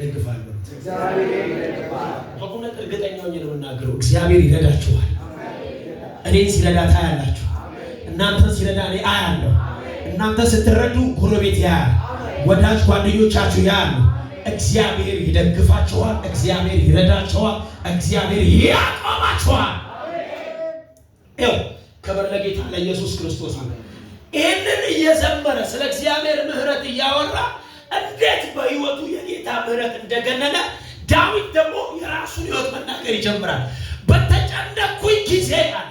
ይደግፋሉ። በእውነት እርግጠኛ ሆኜ ነው የምናገረው፣ እግዚአብሔር ይረዳችኋል። እኔን ሲረዳ ታያላችሁ፣ እናንተን ሲረዳ እኔ አያለሁ። እናንተ ስትረዱ ጎረቤት ያያል፣ ወዳጅ ጓደኞቻችሁ ያያሉ። እግዚአብሔር ይደግፋችኋል፣ እግዚአብሔር ይረዳችኋል፣ እግዚአብሔር ያቆማችኋል። ው ክብር ለጌታ ለኢየሱስ ክርስቶስ ነው። ይህንን እየዘመረ ስለ እግዚአብሔር ምሕረት እያወራ እንዴት በሕይወቱ ጌታ ምሕረት እንደገነነ ዳዊት ደግሞ የራሱን ህይወት መናገር ይጀምራል። በተጨነኩኝ ጊዜ አለ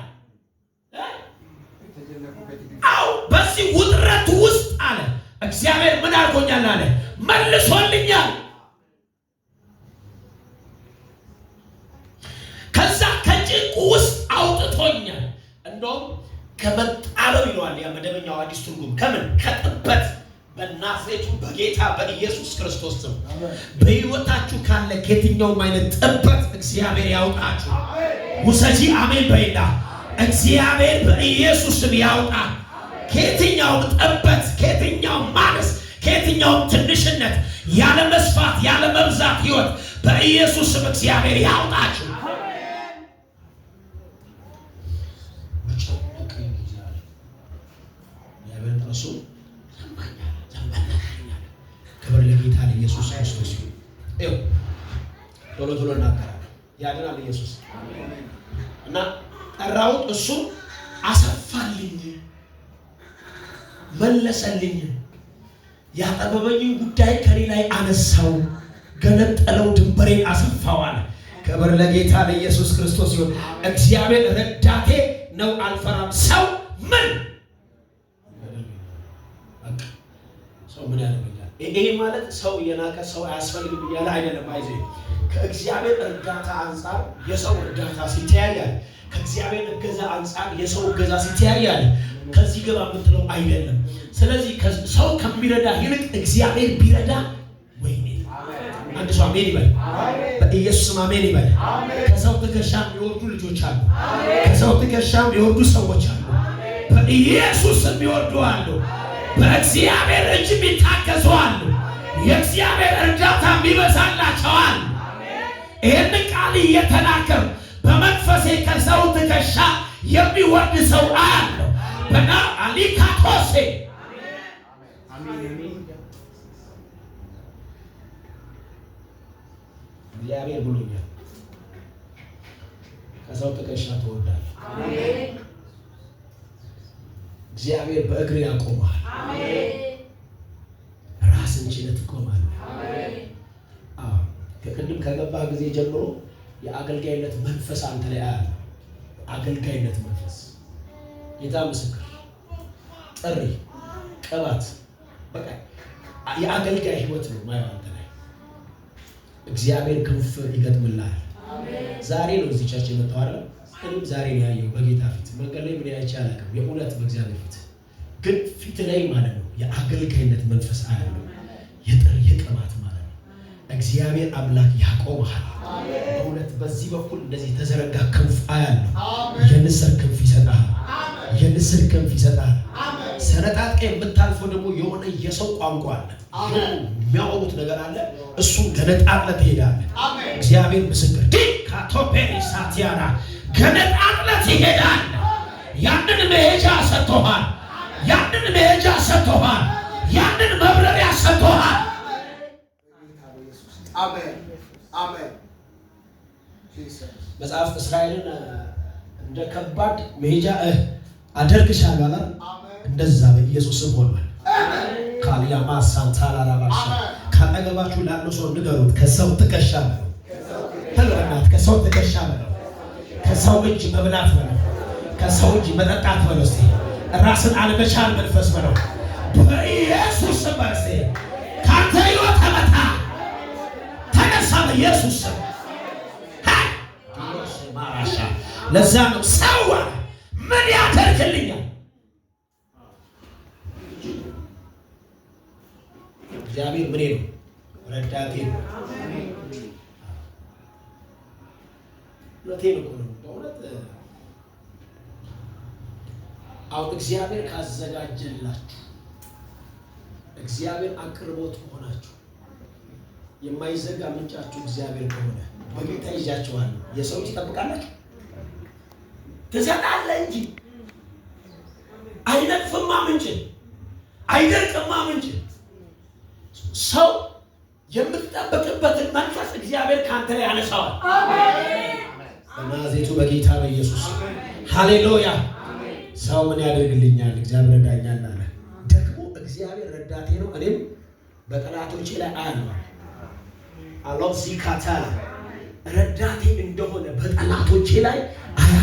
አው በዚህ ውጥረት ውስጥ አለ እግዚአብሔር ምን አድርጎኛል አለ መልሶልኛል። ከዛ ከጭንቁ ውስጥ አውጥቶኛል። እንደውም ከመጣለው ይለዋል ያ መደበኛው አዲስ ትርጉም ከምን ከጥበት በናዝሬቱ በጌታ በኢየሱስ ክርስቶስ ስም በሕይወታችሁ ካለ ከየትኛውም አይነት ጥበት እግዚአብሔር ያውጣችሁ። ውሰጂ፣ አሜን በይላ። እግዚአብሔር በኢየሱስ ስም ያውጣ። ከየትኛውም ጥበት፣ ከየትኛውም ማነስ፣ ከየትኛውም ትንሽነት፣ ያለ መስፋት፣ ያለ መብዛት ሕይወት በኢየሱስ ስም እግዚአብሔር ያውጣችሁ። ለማኛ ኢየሱስ ክርስቶስ ይሁን። ቶሎ ቶሎ እናገራለን። ያድናል ኢየሱስ እና ጠራሁት፣ እሱም አሰፋልኝ፣ መለሰልኝ፣ ያጠበበኝን ጉዳይ ከኔ ላይ አነሳው፣ ገነጠለው፣ ድንበሬን አሰፋዋል። ክብር ለጌታ ለኢየሱስ ክርስቶስ ይሁን። እግዚአብሔር ረዳቴ ነው፣ አልፈራም። ሰው ምን ሰው ምን ይሄ ማለት ሰው እየናቀ ሰው አያስፈልግም እያለ አይደለም። አይዘ ከእግዚአብሔር እርዳታ አንጻር የሰው እርዳታ ሲተያያል። ከእግዚአብሔር እገዛ አንጻር የሰው እገዛ ሲተያያል። ከዚህ ገባ የምትለው አይደለም። ስለዚህ ሰው ከሚረዳ ይልቅ እግዚአብሔር ቢረዳ ወይኔ አንድ ሰው አሜን ይበል። በኢየሱስ አሜን ይበል። ከሰው ትከሻ የሚወርዱ ልጆች አሉ። ከሰው ትከሻ የሚወርዱ ሰዎች አሉ። በኢየሱስ የሚወርዱ አሉ። በእግዚአብሔር እጅ የሚታገዙ የእግዚአብሔር እርዳታ ይበዛላቸዋል። ይህንን ቃል እየተናገር በመንፈሴ ከሰው ትከሻ የሚወርድ ሰው አያለሁ። በና አሊካቶሴ እግዚአብሔር ብሎኛል። ከሰው ትከሻ ትወርዳል። እግዚአብሔር በእግር ያቆማል። በራስን ችለህ ትቆማለህ። ከቅድም ከገባህ ጊዜ ጀምሮ የአገልጋይነት መንፈስ አንተ ላይ አለ። አገልጋይነት መንፈስ ጌታ ምስክር፣ ጥሪ፣ ቅባት፣ በቃ የአገልጋይ ህይወት ነው ማየው አንተ ላይ እግዚአብሔር ክንፍ ይገጥምልሃል። ዛሬ ነው እዚህ ቸርች የመጣው። እኔም ዛሬ ነው ያየው በጌታ ፊት መንገድ ላይ ምን አይቼ አላውቅም። የእውነት በእግዚአብሔር ፊት ግን ፊት ላይ ማለት ነው የአገልጋይነት መንፈስ አለ ነው የጥሪ ቅባት ማለት ነው። እግዚአብሔር አምላክ ያቆምሃል። በእውነት በዚህ በኩል እንደዚህ የተዘረጋ ክንፍ አያለሁ። የንስር ክንፍ ይሰጣል። የንስር ክንፍ ይሰጣል። ሰነጣጣ የምታልፈው ደግሞ የሆነ የሰው ቋንቋ አለ፣ የሚያወሩት ነገር አለ። እሱን ገነጣጥለህ ትሄዳለህ። እግዚአብሔር ምስክር ካቶፔ ሳቲያና ገነጣጥለህ ትሄዳለህ። ያንን መሄጃ ሰጥቶሃል። ያንን መሄጃ ሰጥቶሃል። ያንን መብረሪያ ሰጥቶሃል። መጽሐፍ እስራኤልን እንደ ከባድ መሄጃ አደርግሻለሁ አለ። እንደዛ በኢየሱስም ሆኗል። ካልያ ማሳንታላራባሻ ካጠገባችሁ ላለው ሰው ንገሩት፣ ከሰው ትከሻ በለው። ከሰው ትከሻ በለው። ከሰው እጅ መብላት በለው። ከሰው እጅ መጠጣት በለው። ራስን አለመቻል መንፈስ በለው። በኢየሱስ ስም በርሴ ካንተ ሕይወት ተመታ ተነሳ፣ በኢየሱስ ስም ማራሻ። ለዛ ነው ሰው ምን ያደርግልኛል? እግዚአብሔር ምን ነው ረዳቴ ነው። እውነቴን እኮ ነው በእውነት አሁን እግዚአብሔር ካዘጋጀላችሁ እግዚአብሔር አቅርቦት ሆናችሁ የማይዘጋ ምንጫችሁ እግዚአብሔር ከሆነ በጌታ ይዣችኋል። የሰው ልጅ ይጠብቃላችሁ። ትሰጣለህ እንጂ አይነጥፍማ ምንጭ አይደርቅማ ምንጭ። ሰው የምትጠብቅበትን መንፈስ እግዚአብሔር ከአንተ ላይ ያነሳዋል። በናዜቱ በጌታ በኢየሱስ ሃሌሉያ። ሰው ምን ያደርግልኛል? እግዚአብሔር ዳኛና እግዚአብሔር ረዳቴ ነው፣ እኔም በጠላቶቼ ላይ አያለሁ። አሎ ዚካታ ረዳቴ እንደሆነ በጠላቶቼ ላይ አያ